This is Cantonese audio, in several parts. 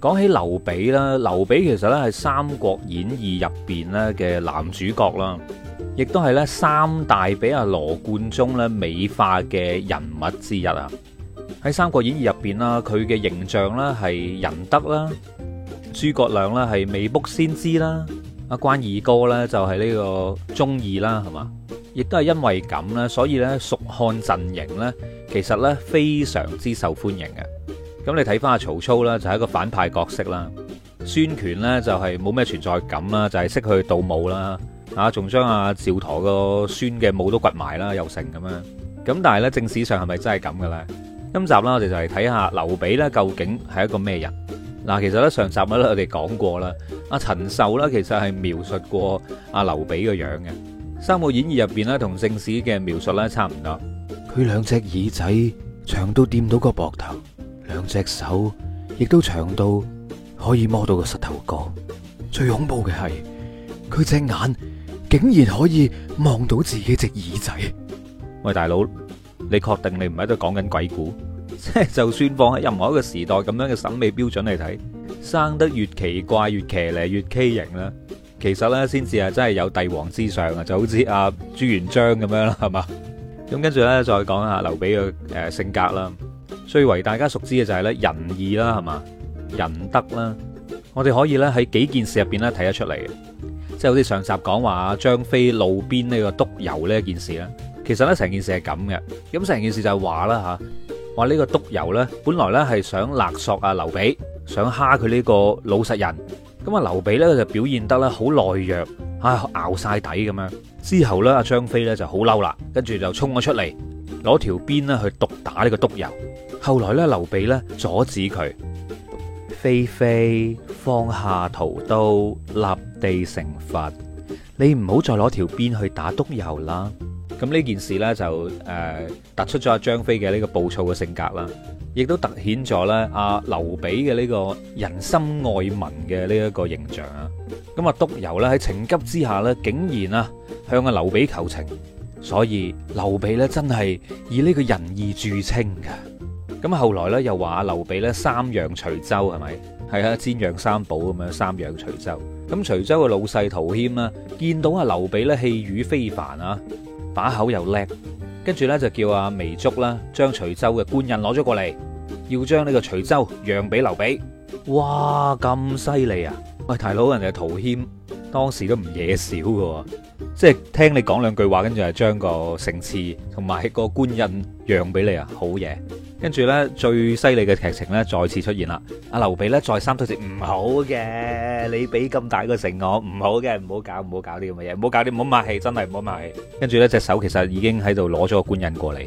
講起劉備啦，劉備其實咧係《三國演義》入邊咧嘅男主角啦，亦都係咧三大比阿羅貫中咧美化嘅人物之一啊。喺《三國演義》入邊啦，佢嘅形象啦係仁德啦，諸葛亮啦係未卜先知啦，阿關二哥咧就係呢個忠義啦，係嘛，亦都係因為咁咧，所以咧蜀漢陣營咧其實咧非常之受歡迎嘅。咁你睇翻阿曹操啦，就係一個反派角色啦。孫權呢，就係冇咩存在感啦，就係識去盜墓啦。仲將阿趙佗個孫嘅墓都掘埋啦，又成咁樣。咁但係呢，正史上係咪真係咁嘅咧？今集啦，我哋就嚟睇下劉備呢，究竟係一個咩人。嗱，其實呢，上集咧我哋講過啦，阿陳壽呢，其實係描述過阿劉備個樣嘅《三國演義》入邊呢，同正史嘅描述呢，差唔多。佢兩隻耳仔長到掂到個膊頭。兩隻手亦都長到可以摸到個膝頭哥，最恐怖嘅係佢隻眼竟然可以望到自己隻耳仔。喂，大佬，你確定你唔喺度講緊鬼故？即係就算放喺任何一個時代咁樣嘅審美標準嚟睇，生得越奇怪越騎呢越畸形啦，其實咧先至係真係有帝王之相啊！就好似阿朱元璋咁樣啦，係嘛？咁跟住咧再講下劉備嘅誒性格啦。最為大家熟知嘅就係咧，仁義啦，係嘛仁德啦。我哋可以咧喺幾件事入邊咧睇得出嚟嘅，即係好似上集講話張飛路邊呢個督郵呢一件事咧。其實咧成件事係咁嘅，咁成件事就係話啦嚇，話呢個督郵咧，本來咧係想勒索啊劉備，想蝦佢呢個老實人。咁啊劉備咧就表現得咧好懦弱，唉咬晒底咁樣。之後咧阿張飛咧就好嬲啦，跟住就衝咗出嚟攞條鞭咧去毒打呢個督郵。後來咧，劉備咧阻止佢，飛飛，放下屠刀，立地成佛。你唔好再攞條鞭去打督郵啦。咁呢件事咧就誒、呃、突出咗阿張飛嘅呢個暴躁嘅性格啦，亦都凸顯咗咧阿劉備嘅呢個仁心愛民嘅呢一個形象啊。咁啊，督郵咧喺情急之下咧，竟然啊向阿劉備求情，所以劉備咧真係以呢個仁義著稱嘅。咁後來咧，又話啊，劉備咧三讓徐州係咪？係啊，煎釀三寶咁樣，三讓徐州。咁徐州嘅老細陶謙啦，見到啊，劉備咧氣宇非凡啊，把口又叻，跟住咧就叫阿糜竺啦，將徐州嘅官印攞咗過嚟，要將呢個徐州讓俾劉備。哇，咁犀利啊！喂，大佬，人哋陶謙當時都唔嘢少㗎，即係聽你講兩句話，跟住係將個城池同埋個官印讓俾你啊，好嘢！跟住咧，最犀利嘅劇情咧，再次出現啦！阿劉備咧，再三推説唔好嘅，你俾咁大個城我，唔好嘅，唔好搞，唔好搞啲咁嘅嘢，唔好搞啲，唔好罵氣，真係唔好罵氣。跟住咧，隻手其實已經喺度攞咗個官印過嚟。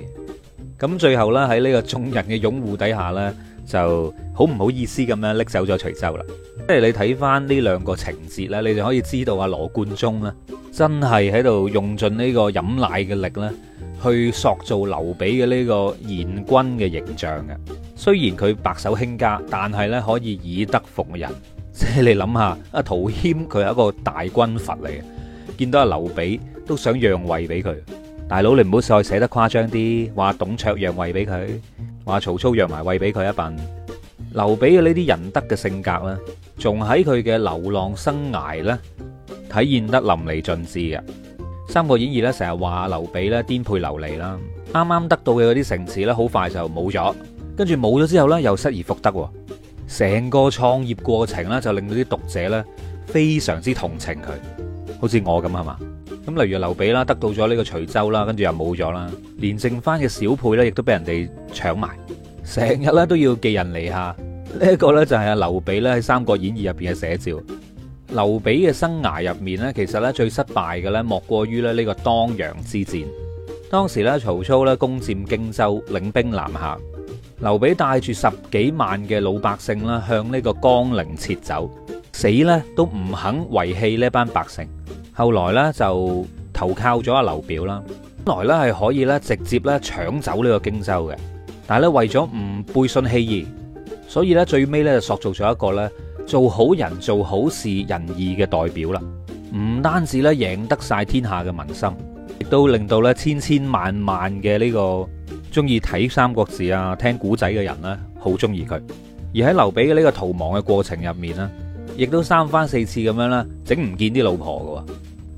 咁最後咧，喺呢個眾人嘅擁護底下咧，就好唔好意思咁樣拎走咗徐州啦。即係你睇返呢兩個情節咧，你就可以知道阿羅貫中咧，真係喺度用盡呢個飲奶嘅力咧。去塑造劉備嘅呢個賢君嘅形象嘅，雖然佢白手興家，但係咧可以以德服人。即係你諗下，阿陶謙佢係一個大軍閥嚟，見到阿劉備都想讓位俾佢，大佬你唔好再寫得誇張啲，話董卓讓位俾佢，話曹操讓埋位俾佢一份。劉備嘅呢啲仁德嘅性格咧，仲喺佢嘅流浪生涯咧體現得淋漓盡致嘅。《三國演義》咧成日話劉備咧顛沛流離啦，啱啱得到嘅嗰啲城市咧好快就冇咗，跟住冇咗之後咧又失而復得，成個創業過程咧就令到啲讀者咧非常之同情佢，好似我咁係嘛？咁例如劉備啦，得到咗呢個徐州啦，跟住又冇咗啦，連剩翻嘅小沛咧，亦都俾人哋搶埋，成日咧都要寄人籬下，呢一個咧就係阿劉備咧喺《三國演義》入邊嘅寫照。劉備嘅生涯入面咧，其實咧最失敗嘅咧，莫過於咧呢個當陽之戰。當時咧，曹操咧攻佔荊州，領兵南下，劉備帶住十幾萬嘅老百姓啦，向呢個江陵撤走，死咧都唔肯遺棄呢班百姓。後來咧就投靠咗阿劉表啦，本來咧係可以咧直接咧搶走呢個荊州嘅，但係咧為咗唔背信棄義，所以咧最尾咧就塑造咗一個咧。做好人做好事仁義嘅代表啦，唔單止咧贏得晒天下嘅民心，亦都令到咧千千萬萬嘅呢個中意睇《三國志》啊、聽古仔嘅人咧好中意佢。而喺劉備嘅呢個逃亡嘅過程入面呢亦都三番四次咁樣整唔見啲老婆嘅。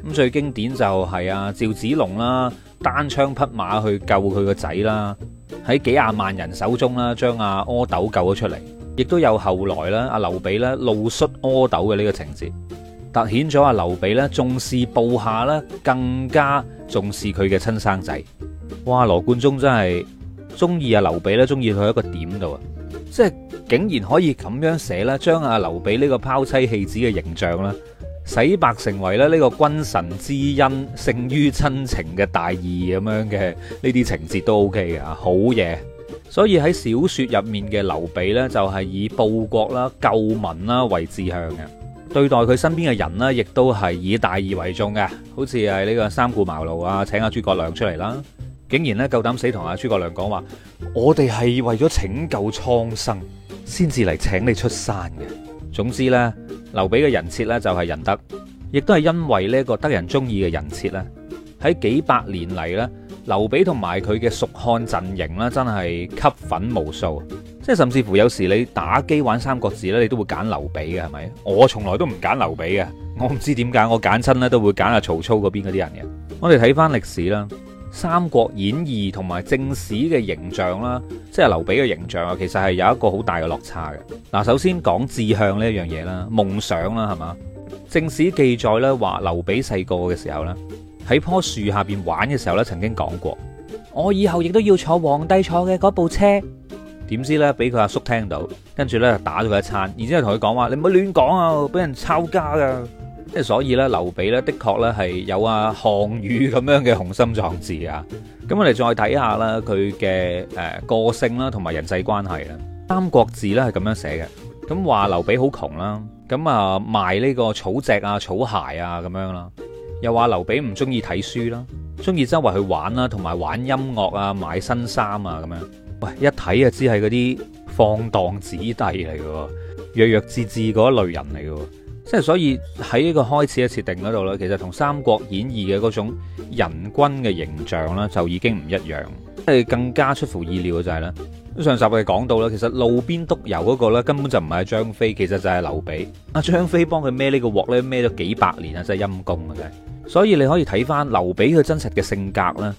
咁最經典就係阿趙子龍啦，單槍匹馬去救佢個仔啦，喺幾廿萬人手中啦，將阿阿斗救咗出嚟。亦都有後來啦，阿劉備咧露摔阿斗嘅呢個情節，凸顯咗阿劉備咧重視部下咧，更加重視佢嘅親生仔。哇！羅貫中真係中意阿劉備咧，中意佢一個點度啊！即係竟然可以咁樣寫啦，將阿劉備呢個拋妻棄子嘅形象啦，洗白成為咧呢個君臣之恩勝於親情嘅大義咁樣嘅呢啲情節都 OK 嘅，好嘢。所以喺小說入面嘅劉備呢，就係以報國啦、救民啦為志向嘅，對待佢身邊嘅人呢，亦都係以大義為重嘅。好似係呢個三顧茅廬啊，請阿諸葛亮出嚟啦，竟然呢，夠膽死同阿諸葛亮講話，我哋係為咗拯救蒼生，先至嚟請你出山嘅。總之呢，劉備嘅人設呢，就係仁德，亦都係因為呢個得人中意嘅人設呢，喺幾百年嚟呢，劉備同埋佢嘅蜀漢陣營啦，真係吸粉無數，即係甚至乎有時你打機玩三國志咧，你都會揀劉備嘅，係咪？我從來都唔揀劉備嘅，我唔知點解，我揀親咧都會揀阿曹操嗰邊嗰啲人嘅。我哋睇翻歷史啦，《三國演義》同埋正史嘅形象啦，即係劉備嘅形象啊，其實係有一個好大嘅落差嘅。嗱，首先講志向呢一樣嘢啦，夢想啦，係嘛？正史記載呢話，劉備細個嘅時候呢喺樖樹下邊玩嘅時候咧，曾經講過：我以後亦都要坐皇帝坐嘅嗰部車。點知咧，俾佢阿叔聽到，跟住咧，打咗佢一餐，然之後同佢講話：你唔好亂講啊，俾人抄家噶。即係所以咧，劉備咧的確咧係有啊項羽咁樣嘅雄心壯志啊。咁我哋再睇下啦，佢嘅誒個性啦，同埋人際關係啊。三國志咧係咁樣寫嘅，咁話劉備好窮啦，咁啊賣呢個草席啊、草鞋啊咁樣啦。又話劉備唔中意睇書啦，中意周圍去玩啦，同埋玩音樂啊，買新衫啊咁樣。喂，一睇就知係嗰啲放蕩子弟嚟嘅，弱弱自自嗰一類人嚟嘅。即係所以喺呢個開始嘅設定嗰度呢，其實同《三國演義》嘅嗰種仁君嘅形象呢，就已經唔一樣。即係更加出乎意料嘅就係呢。上集我哋講到啦，其實路邊督郵嗰個呢，根本就唔係張飛，其實就係劉備。阿張飛幫佢孭呢個鑊呢，孭咗幾百年啊，真係陰公嘅。所以你可以睇返劉備佢真實嘅性格呢，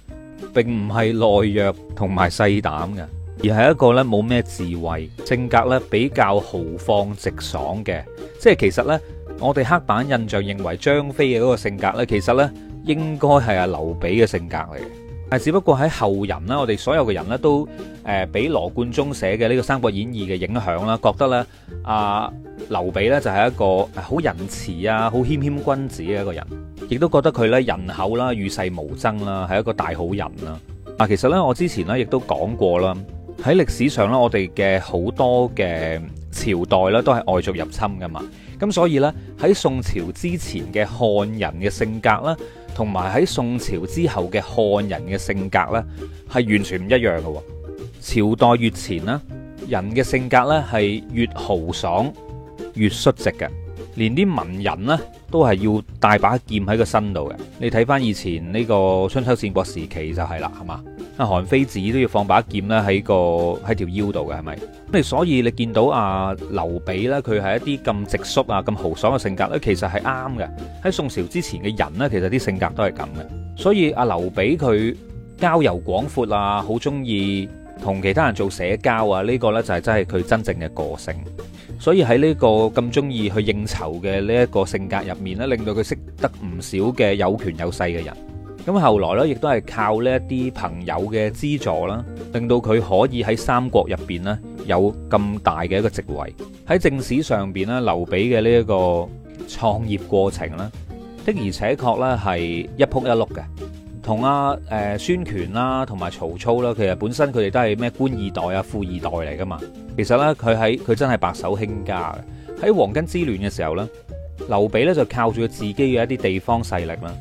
並唔係懦弱同埋細膽嘅，而係一個呢冇咩智慧、性格呢比較豪放直爽嘅。即係其實呢，我哋刻板印象認為張飛嘅嗰個性格呢，其實呢應該係阿劉備嘅性格嚟。啊！只不過喺後人啦，我哋所有嘅人咧都誒，俾羅貫中寫嘅呢個《三國演義》嘅影響啦，覺得咧阿劉備咧就係一個好仁慈啊，好謙謙君子嘅一個人，亦都覺得佢咧仁厚啦，與世無爭啦，係一個大好人啦。啊，其實咧我之前咧亦都講過啦，喺歷史上咧我哋嘅好多嘅朝代咧都係外族入侵噶嘛，咁所以咧喺宋朝之前嘅漢人嘅性格啦。同埋喺宋朝之後嘅漢人嘅性格呢，係完全唔一樣嘅。朝代越前啦，人嘅性格呢，係越豪爽、越率直嘅。連啲文人呢，都係要帶把劍喺個身度嘅，你睇翻以前呢個春秋戰國時期就係啦，係嘛？啊韓非子都要放把劍咧喺個喺條腰度嘅，係咪？咁所以你見到阿劉備呢，佢係一啲咁直率啊、咁、啊、豪爽嘅性格，其實係啱嘅。喺宋朝之前嘅人呢，其實啲性格都係咁嘅。所以阿劉備佢交遊廣闊啊，好中意同其他人做社交啊，呢、這個呢，就係真係佢真正嘅個性。所以喺呢個咁中意去應酬嘅呢一個性格入面咧，令到佢識得唔少嘅有權有勢嘅人。咁後來呢，亦都係靠呢一啲朋友嘅資助啦，令到佢可以喺三國入邊呢，有咁大嘅一個地位。喺正史上邊呢，劉備嘅呢一個創業過程咧，的而且確呢，係一仆一碌嘅。同阿誒孫權啦，同埋曹操啦，其實本身佢哋都係咩官二代啊、富二代嚟噶嘛。其實呢，佢喺佢真係白手興家嘅。喺黃巾之亂嘅時候呢，劉備呢就靠住自己嘅一啲地方勢力啦，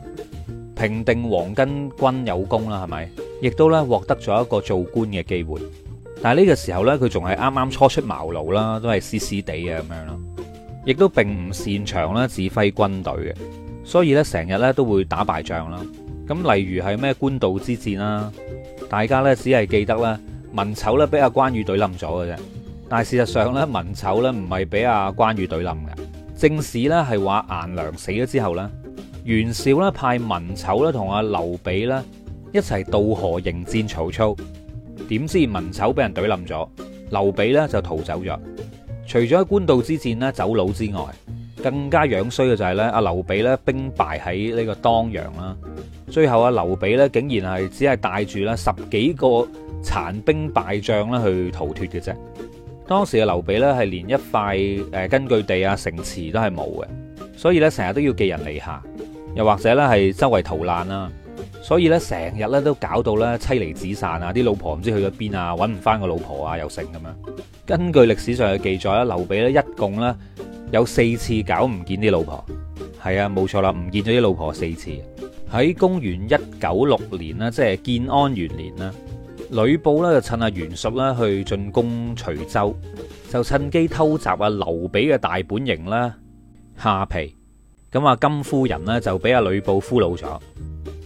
平定黃巾軍有功啦，係咪？亦都呢獲得咗一個做官嘅機會。但係呢個時候呢，佢仲係啱啱初出茅廬啦，都係斯斯哋呀咁樣啦。亦都並唔擅長啦指揮軍隊嘅，所以呢，成日呢都會打敗仗啦。咁例如係咩官渡之戰啦，大家呢只係記得啦，文醜呢俾阿關羽懟冧咗嘅啫。但係事實上呢，文醜呢唔係俾阿關羽懟冧嘅，正史呢係話顏良死咗之後呢，袁紹呢派文醜呢同阿劉備呢一齊渡河迎戰曹操。點知文醜俾人懟冧咗，劉備呢就逃走咗。除咗喺官渡之戰呢走佬之外，更加樣衰嘅就係呢阿劉備呢兵敗喺呢個當陽啦。最後啊，劉備咧竟然係只係帶住咧十幾個殘兵敗將咧去逃脫嘅啫。當時嘅劉備咧係連一塊誒根據地啊城池都係冇嘅，所以咧成日都要寄人籬下，又或者咧係周圍逃難啦，所以咧成日咧都搞到咧妻離子散啊，啲老婆唔知去咗邊啊，搵唔翻個老婆啊又剩咁樣。根據歷史上嘅記載咧，劉備咧一共咧有四次搞唔見啲老婆，係啊冇錯啦，唔見咗啲老婆四次。喺公元一九六年啦，即係建安元年啦，呂布咧就趁阿袁術咧去進攻徐州，就趁機偷襲阿劉備嘅大本營啦，下邳。咁啊，甘夫人呢就俾阿呂布俘虜咗。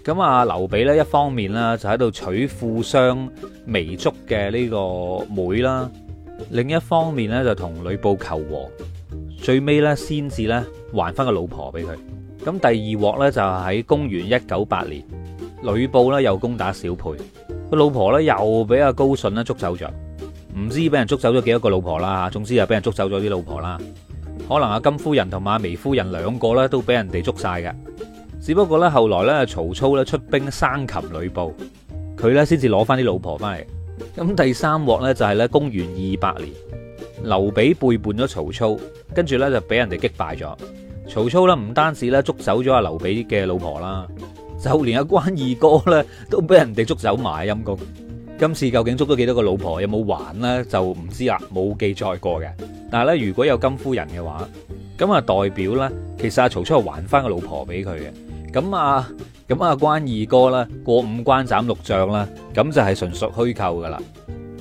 咁啊，劉備咧一方面呢就喺度娶富商糜竺嘅呢個妹啦，另一方面呢就同呂布求和，最尾呢先至呢還翻個老婆俾佢。咁第二鑊咧就喺公元一九八年，呂布咧又攻打小沛，個老婆咧又俾阿高順呢捉走咗，唔知俾人捉走咗幾多個老婆啦吓，總之又俾人捉走咗啲老婆啦，可能阿金夫人同埋阿眉夫人兩個咧都俾人哋捉晒嘅，只不過咧後來咧曹操咧出兵生擒呂布，佢咧先至攞翻啲老婆翻嚟。咁第三鑊咧就係咧公元二百年，劉備背叛咗曹操，跟住咧就俾人哋擊敗咗。曹操啦，唔單止啦捉走咗阿劉備嘅老婆啦，就連阿關二哥咧都俾人哋捉走埋陰功。今次究竟捉咗幾多個老婆，有冇還呢？就唔知啦，冇記載過嘅。但係咧，如果有金夫人嘅話，咁啊代表咧，其實阿曹操還翻個老婆俾佢嘅。咁啊，咁阿關二哥咧過五關斬六將啦，咁就係純屬虛構噶啦。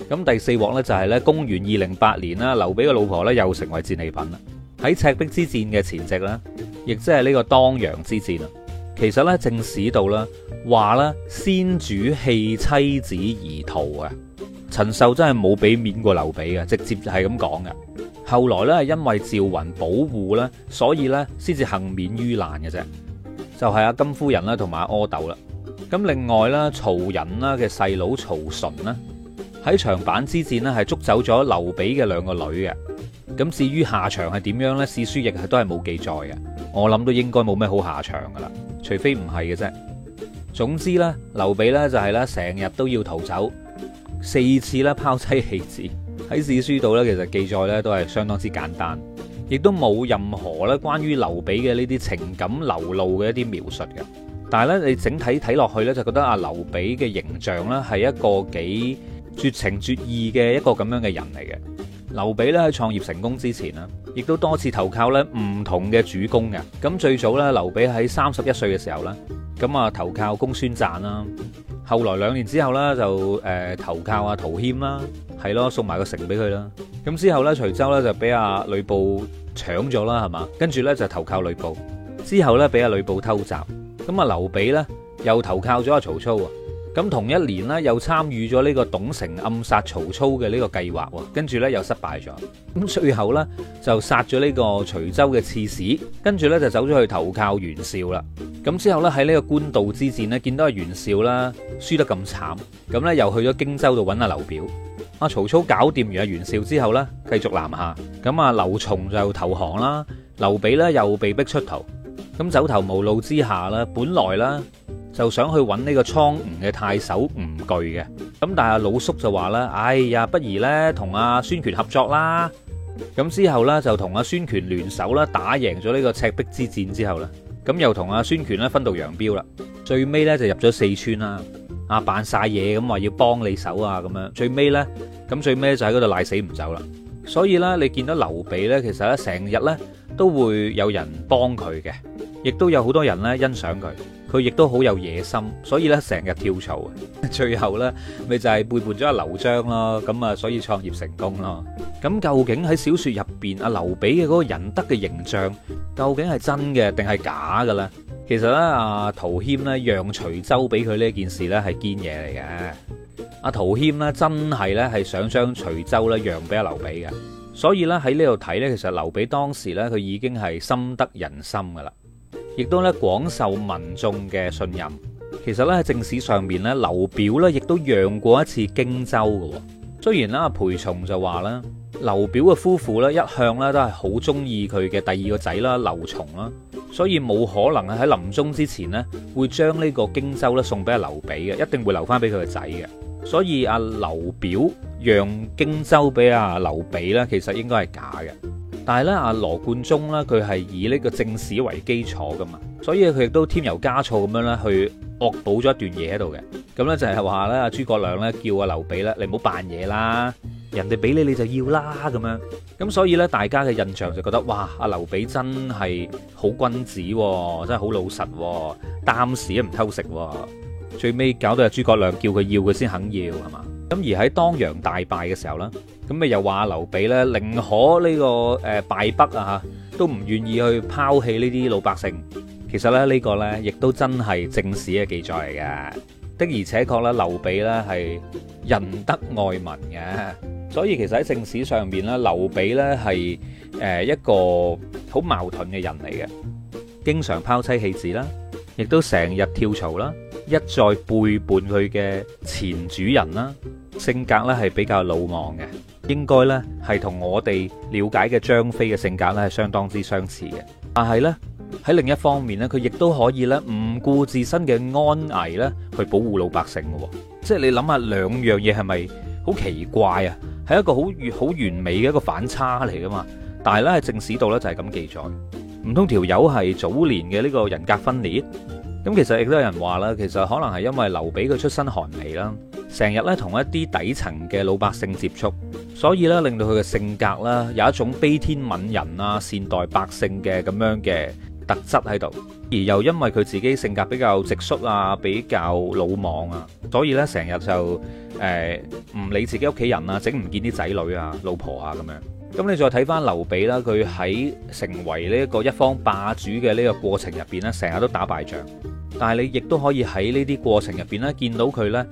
咁第四鑊咧就係咧公元二零八年啦，劉備嘅老婆咧又成為戰利品啦。喺赤壁之戰嘅前夕呢亦即係呢個當陽之戰啊。其實呢，正史度呢話呢先主棄妻子而逃啊。陳壽真係冇俾面過劉備啊，直接係咁講嘅。後來呢，係因為趙雲保護呢所以呢先至幸免於難嘅啫。就係、是、阿金夫人啦，同埋阿柯斗啦。咁另外咧，曹仁啦嘅細佬曹純啦，喺長坂之戰呢係捉走咗劉備嘅兩個女嘅。咁至於下場係點樣呢？史書亦係都係冇記載嘅，我諗都應該冇咩好下場噶啦，除非唔係嘅啫。總之呢，劉備呢就係呢成日都要逃走四次呢，拋妻棄子喺史書度呢，其實記載呢都係相當之簡單，亦都冇任何呢關於劉備嘅呢啲情感流露嘅一啲描述嘅。但係呢，你整體睇落去呢，就覺得阿劉備嘅形象呢，係一個幾絕情絕義嘅一個咁樣嘅人嚟嘅。劉備咧喺創業成功之前啊，亦都多次投靠咧唔同嘅主公嘅。咁最早咧，劉備喺三十一歲嘅時候啦，咁啊投靠公孫瓚啦。後來兩年之後咧就誒、呃、投靠阿陶謙啦，係咯，送埋個城俾佢啦。咁之後咧，徐州咧就俾阿呂布搶咗啦，係嘛。跟住咧就投靠呂布，之後咧俾阿呂布偷襲，咁啊劉備咧又投靠咗阿曹操啊。咁同一年呢，又參與咗呢個董承暗殺曹操嘅呢個計劃，跟住呢，又失敗咗。咁最後呢，就殺咗呢個徐州嘅刺史，跟住呢，就走咗去投靠袁紹啦。咁之後呢，喺呢個官渡之戰呢，見到阿袁紹啦輸得咁慘，咁呢，又去咗荊州度揾阿劉表。阿曹操搞掂完阿袁紹之後呢，繼續南下。咁阿劉琮就投降啦，劉備呢又被逼出逃。咁走投無路之下啦，本來啦。就想去揾呢個蒼梧嘅太守吳懼嘅咁，但係阿魯肅就話啦：哎呀，不如咧同阿孫權合作啦。咁之後咧就同阿孫權聯手啦，打贏咗呢個赤壁之戰之後咧，咁又同阿孫權咧分道揚鑣啦。最尾咧就入咗四川啦，啊扮晒嘢咁話要幫你手啊，咁樣最尾咧咁最尾就喺嗰度賴死唔走啦。所以咧，你見到劉備咧，其實咧成日咧都會有人幫佢嘅，亦都有好多人咧欣賞佢。佢亦都好有野心，所以呢成日跳槽啊！最後呢咪就係背叛咗阿劉璋咯，咁啊所以創業成功咯。咁究竟喺小説入邊，阿劉備嘅嗰個仁德嘅形象究竟係真嘅定係假嘅咧？其實呢，阿陶謙呢讓徐州俾佢呢一件事呢係堅嘢嚟嘅。阿陶謙呢真係呢係想將徐州呢讓俾阿劉備嘅，所以呢喺呢度睇呢，其實劉備當時呢佢已經係深得人心噶啦。亦都咧，廣受民眾嘅信任。其實咧喺正史上面咧，劉表咧亦都讓過一次荊州嘅。雖然啦，裴松就話啦，劉表嘅夫婦咧一向咧都係好中意佢嘅第二個仔啦，劉琮啦，所以冇可能喺喺臨終之前咧會將呢個荊州咧送俾阿劉備嘅，一定會留翻俾佢個仔嘅。所以阿劉表讓荊州俾阿劉備咧，其實應該係假嘅。但係咧，阿羅貫中咧，佢係以呢個正史為基礎噶嘛，所以佢亦都添油加醋咁樣咧，去惡補咗一段嘢喺度嘅。咁咧就係話咧，阿諸葛亮咧叫阿劉備咧，你唔好扮嘢啦，人哋俾你你就要啦咁樣。咁所以咧，大家嘅印象就覺得，哇！阿劉備真係好君子，真係好老實，擔屎都唔偷食。最尾搞到阿諸葛亮叫佢要，要，佢先肯要係嘛？咁而喺當陽大敗嘅時候啦，咁咪又話劉備咧寧可呢個誒敗北啊吓，都唔願意去拋棄呢啲老百姓。其實咧呢個咧亦都真係正史嘅記載嚟嘅，的而且確咧劉備咧係仁德愛民嘅。所以其實喺正史上面咧，劉備咧係誒一個好矛盾嘅人嚟嘅，經常拋妻棄子啦，亦都成日跳槽啦。一再背叛佢嘅前主人啦，性格咧係比較魯莽嘅，應該咧係同我哋了解嘅張飛嘅性格咧係相當之相似嘅。但係咧喺另一方面咧，佢亦都可以咧唔顧自身嘅安危咧去保護老百姓嘅，即係你諗下兩樣嘢係咪好奇怪啊？係一個好越好完美嘅一個反差嚟噶嘛？但係咧喺正史度咧就係咁記載，唔通條友係早年嘅呢個人格分裂？咁其實亦都有人話啦，其實可能係因為劉備佢出身寒微啦，成日咧同一啲底層嘅老百姓接觸，所以咧令到佢嘅性格啦有一種悲天憫人啊，善待百姓嘅咁樣嘅特質喺度。而又因為佢自己性格比較直率啊，比較魯莽啊，所以咧成日就誒唔理自己屋企人啊，整唔見啲仔女啊、老婆啊咁樣。咁你再睇翻劉備啦，佢喺成為呢一個一方霸主嘅呢個過程入邊呢，成日都打敗仗，但係你亦都可以喺呢啲過程入邊呢見到佢呢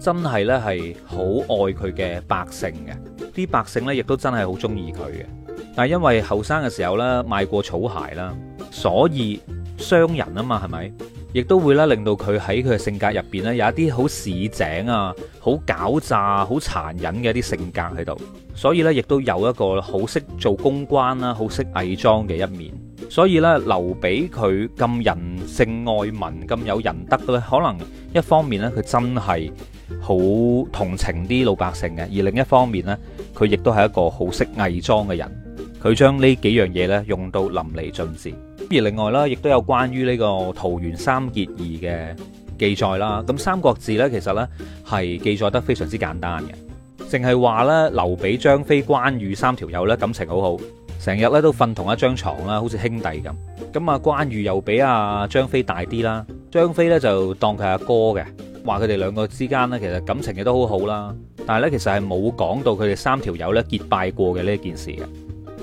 真係呢係好愛佢嘅百姓嘅，啲百姓呢亦都真係好中意佢嘅。但係因為後生嘅時候呢，賣過草鞋啦，所以商人啊嘛，係咪？亦都會咧令到佢喺佢嘅性格入邊咧有一啲好市井啊、好狡詐、好殘忍嘅一啲性格喺度，所以咧亦都有一個好識做公關啦、好識偽裝嘅一面。所以咧，劉備佢咁仁性愛民、咁有仁德咧，可能一方面咧佢真係好同情啲老百姓嘅，而另一方面咧佢亦都係一個好識偽裝嘅人，佢將呢幾樣嘢咧用到淋漓盡致。而另外啦，亦都有關於呢個桃園三結義嘅記載啦。咁《三國志》呢，其實呢係記載得非常之簡單嘅，淨係話呢，劉備、張飛、關羽三條友呢，感情好好，成日呢都瞓同一張床啦，好似兄弟咁。咁啊，關羽又比阿張飛大啲啦，張飛呢就當佢阿哥嘅，話佢哋兩個之間呢，其實感情亦都好好啦。但係呢，其實係冇講到佢哋三條友呢結拜過嘅呢件事嘅。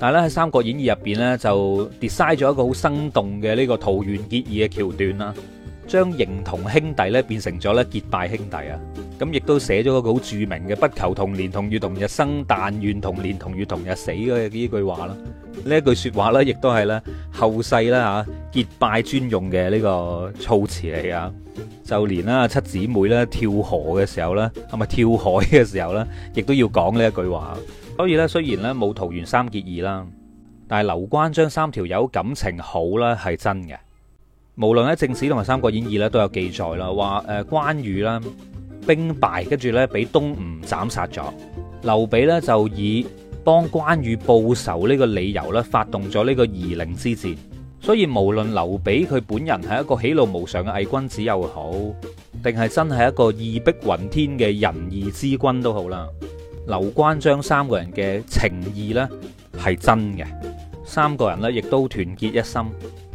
但係咧，喺《三國演義》入邊咧，就 design 咗一個好生動嘅，呢個桃園結義嘅橋段啦，將形同兄弟咧，變成咗咧，結拜兄弟啊！咁亦都寫咗一個好著名嘅，不求同年同月同日生，但願同年同月同日死嘅呢句話啦。呢一句說話咧，亦都係咧，後世啦吓結拜專用嘅呢個措辭嚟啊！就連啦七姊妹咧，跳河嘅時候咧，係咪跳海嘅時候咧，亦都要講呢一句話。所以咧，雖然咧冇桃園三結義啦，但係劉關張三條友感情好咧係真嘅。無論喺正史同埋《三國演義》咧都有記載啦，話誒關羽啦兵敗，跟住咧俾東吳斬殺咗。劉備呢就以幫關羽報仇呢個理由咧發動咗呢個夷陵之戰。所以無論劉備佢本人係一個喜怒無常嘅偽君子又好，定係真係一個義薄雲天嘅仁義之君都好啦。劉關張三個人嘅情意呢，係真嘅，三個人呢，亦都團結一心，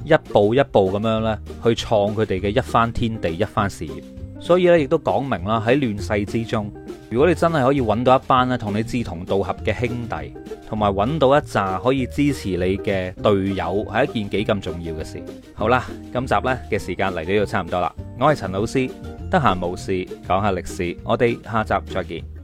一步一步咁樣呢，去創佢哋嘅一番天地、一番事業。所以咧亦都講明啦，喺亂世之中，如果你真係可以揾到一班咧同你志同道合嘅兄弟，同埋揾到一紮可以支持你嘅隊友，係一件幾咁重要嘅事。好啦，今集呢嘅時間嚟到呢度差唔多啦，我係陳老師，得閒無事講下歷史，我哋下集再見。